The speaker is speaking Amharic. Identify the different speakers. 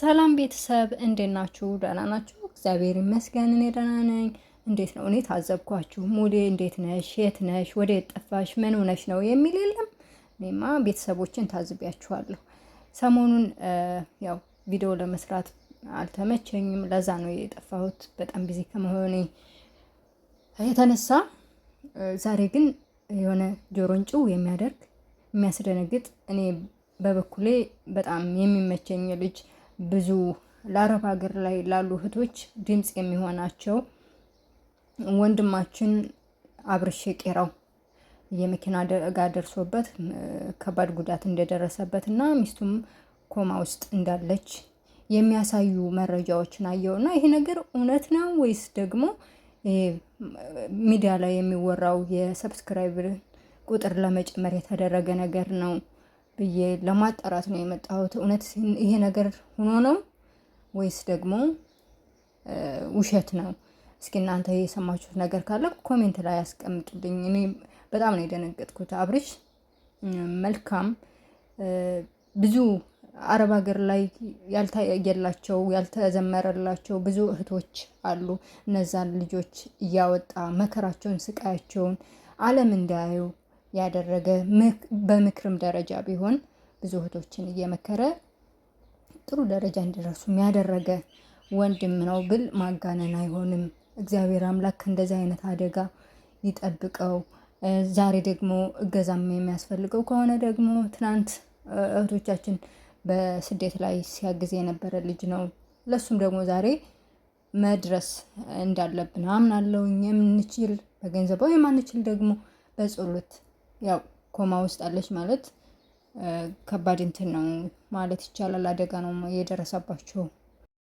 Speaker 1: ሰላም ቤተሰብ እንዴት ናችሁ? ደህና ናችሁ? እግዚአብሔር ይመስገን እኔ ደህና ነኝ። እንዴት ነው? እኔ ታዘብኳችሁ። ሙሌ እንዴት ነሽ? የት ነሽ? ወዴት ጠፋሽ? ምን ሆነሽ ነው የሚል የለም። እኔማ ቤተሰቦችን ታዝቢያችኋለሁ። ሰሞኑን ያው ቪዲዮ ለመስራት አልተመቸኝም። ለዛ ነው የጠፋሁት በጣም ቢዚ ከመሆኔ የተነሳ። ዛሬ ግን የሆነ ጆሮን ጭው የሚያደርግ የሚያስደነግጥ እኔ በበኩሌ በጣም የሚመቸኝ ልጅ ብዙ ለአረብ ሀገር ላይ ላሉ እህቶች ድምፅ የሚሆናቸው ወንድማችን አብርሽ ቄራው የመኪና አደጋ ደርሶበት ከባድ ጉዳት እንደደረሰበት እና ሚስቱም ኮማ ውስጥ እንዳለች የሚያሳዩ መረጃዎችን አየው እና ይሄ ነገር እውነት ነው ወይስ ደግሞ ሚዲያ ላይ የሚወራው የሰብስክራይብ ቁጥር ለመጨመር የተደረገ ነገር ነው ብዬ ለማጣራት ነው የመጣሁት። እውነት ይሄ ነገር ሆኖ ነው ወይስ ደግሞ ውሸት ነው? እስኪ እናንተ የሰማችሁት ነገር ካለ ኮሜንት ላይ ያስቀምጡልኝ። እኔ በጣም ነው የደነገጥኩት። አብርሽ መልካም ብዙ አረብ ሀገር ላይ ያልታየላቸው ያልተዘመረላቸው ብዙ እህቶች አሉ። እነዛን ልጆች እያወጣ መከራቸውን፣ ስቃያቸውን ዓለም እንዳያዩ ያደረገ በምክርም ደረጃ ቢሆን ብዙ እህቶችን እየመከረ ጥሩ ደረጃ እንዲደርሱ ያደረገ ወንድም ነው ብል ማጋነን አይሆንም። እግዚአብሔር አምላክ እንደዚህ አይነት አደጋ ይጠብቀው። ዛሬ ደግሞ እገዛም የሚያስፈልገው ከሆነ ደግሞ ትናንት እህቶቻችን በስደት ላይ ሲያግዝ የነበረ ልጅ ነው። ለሱም ደግሞ ዛሬ መድረስ እንዳለብን አምናለሁ። የምንችል በገንዘባው የማንችል ደግሞ በጸሎት ያው ኮማ ውስጥ አለች ማለት ከባድ እንትን ነው ማለት ይቻላል። አደጋ ነው የደረሰባቸው።